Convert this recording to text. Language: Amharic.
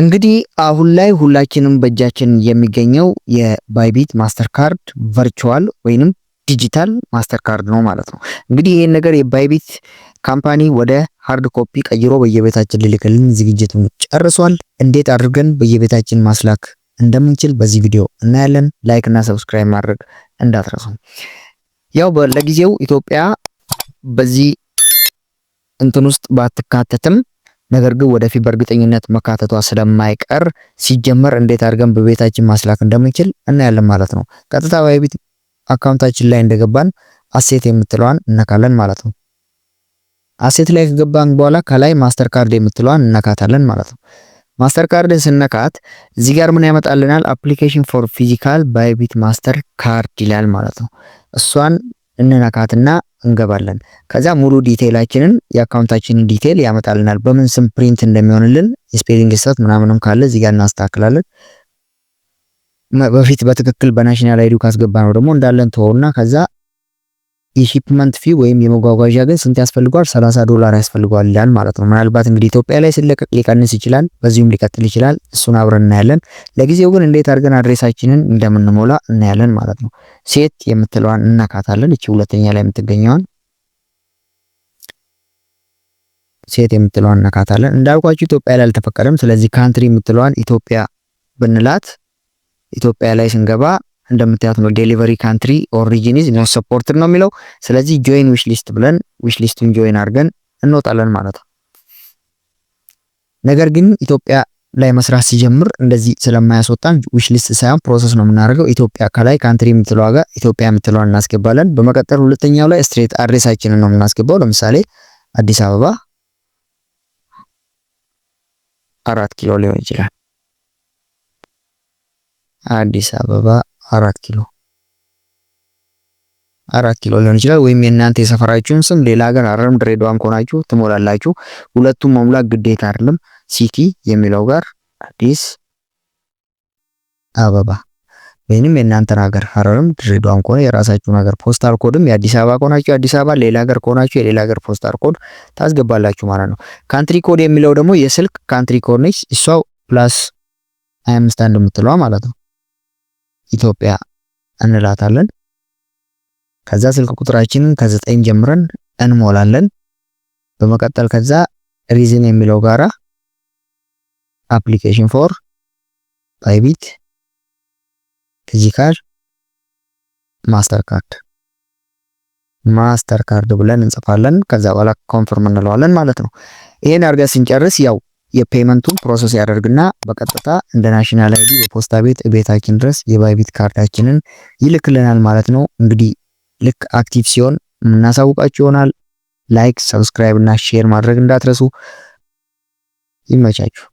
እንግዲህ አሁን ላይ ሁላችንም በእጃችን የሚገኘው የባይቢት ማስተር ካርድ ቨርቹዋል ወይንም ዲጂታል ማስተር ካርድ ነው ማለት ነው። እንግዲህ ይህን ነገር የባይቢት ካምፓኒ ወደ ሃርድ ኮፒ ቀይሮ በየቤታችን ሊልክልን ዝግጅቱን ጨርሷል። እንዴት አድርገን በየቤታችን ማስላክ እንደምንችል በዚህ ቪዲዮ እናያለን። ላይክ እና ሰብስክራይብ ማድረግ እንዳትረሱ። ያው ለጊዜው ኢትዮጵያ በዚህ እንትን ውስጥ ባትካተትም ነገር ግን ወደፊት በእርግጠኝነት መካተቷ ስለማይቀር ሲጀመር እንዴት አድርገን በቤታችን ማስላክ እንደምንችል እናያለን ማለት ነው። ቀጥታ ባይቢት አካውንታችን ላይ እንደገባን አሴት የምትለዋን እነካለን ማለት ነው። አሴት ላይ ከገባን በኋላ ከላይ ማስተር ካርድ የምትለዋን እነካታለን ማለት ነው። ማስተር ካርድን ስነካት እዚህ ጋር ምን ያመጣልናል? አፕሊኬሽን ፎር ፊዚካል ባይቢት ማስተር ካርድ ይላል ማለት ነው። እሷን እንነካትና እንገባለን። ከዛ ሙሉ ዲቴይላችንን የአካውንታችንን ዲቴይል ያመጣልናል። በምን ስም ፕሪንት እንደሚሆንልን የስፔሊንግ ስህተት ምናምንም ካለ እዚጋ እናስተካክላለን። በፊት በትክክል በናሽናል አይዲ ካስገባ ነው ደግሞ እንዳለን ተወውና ከዛ የሺፕመንት ፊ ወይም የመጓጓዣ ግን ስንት ያስፈልገዋል? 30 ዶላር ያስፈልገዋል ይላል ማለት ነው። ምናልባት እንግዲህ ኢትዮጵያ ላይ ሲለቀቅ ሊቀንስ ይችላል፣ በዚሁም ሊቀጥል ይችላል። እሱን አብረን እናያለን። ለጊዜው ግን እንዴት አድርገን አድሬሳችንን እንደምንሞላ እናያለን ማለት ነው። ሴት የምትለዋን እናካታለን። እቺ ሁለተኛ ላይ የምትገኘዋን ሴት የምትለዋን እናካታለን። እንዳልኳችሁ ኢትዮጵያ ላይ አልተፈቀደም። ስለዚህ ካንትሪ የምትለዋን ኢትዮጵያ ብንላት ኢትዮጵያ ላይ ስንገባ እንደምታያት ነው። ዴሊቨሪ ካንትሪ ኦሪጂን ኢዝ ኖት ሰፖርትድ ነው የሚለው። ስለዚህ ጆይን ዊሽ ሊስት ብለን ዊሽ ሊስቱን ጆይን አድርገን እንወጣለን ማለት ነው። ነገር ግን ኢትዮጵያ ላይ መስራት ሲጀምር እንደዚህ ስለማያስወጣን ዊሽ ሊስት ሳይሆን ፕሮሰስ ነው የምናደርገው። ኢትዮጵያ ከላይ ካንትሪ የምትለው ጋር ኢትዮጵያ የምትለዋ እናስገባለን። በመቀጠል ሁለተኛው ላይ ስትሬት አድሬሳችንን ነው የምናስገባው። ለምሳሌ አዲስ አበባ አራት ኪሎ ሊሆን ይችላል። አዲስ አበባ አራት ኪሎ አራት ኪሎ ሊሆን ይችላል። ወይም የእናንተ የሰፈራችሁን ስም ሌላ ሀገር አረም ድሬዳዋም ከሆናችሁ ትሞላላችሁ። ሁለቱም መሙላት ግዴታ አይደለም። ሲቲ የሚለው ጋር አዲስ አበባ ወይንም የእናንተን ሀገር ሀረርም ድሬዳዋም ከሆነ የራሳችሁን ሀገር ፖስታል ኮድም የአዲስ አበባ ከሆናችሁ የአዲስ አበባ፣ ሌላ ሀገር ከሆናችሁ የሌላ ሀገር ፖስታል ኮድ ታስገባላችሁ ማለት ነው። ካንትሪ ኮድ የሚለው ደግሞ የስልክ ካንትሪ ኮድ ነች። እሷው ፕላስ 25 እንደምትለዋ ማለት ነው። ኢትዮጵያ እንላታለን። ከዛ ስልክ ቁጥራችንን ከዘጠኝ ጀምረን እንሞላለን። በመቀጠል ከዛ ሪዝን የሚለው ጋራ አፕሊኬሽን ፎር ባይቢት ዲጂታል ማስተር ካርድ ማስተር ካርድ ብለን እንጽፋለን። ከዛ በኋላ ኮንፈርም እንለዋለን ማለት ነው። ይሄን አድርገን ስንጨርስ ያው የፔመንቱን ፕሮሰስ ያደርግና በቀጥታ እንደ ናሽናል አይዲ በፖስታ ቤት ቤታችን ድረስ የባይቢት ካርዳችንን ይልክልናል ማለት ነው። እንግዲህ ልክ አክቲቭ ሲሆን እናሳውቃችሁ ይሆናል። ላይክ፣ ሰብስክራይብ እና ሼር ማድረግ እንዳትረሱ። ይመቻችሁ።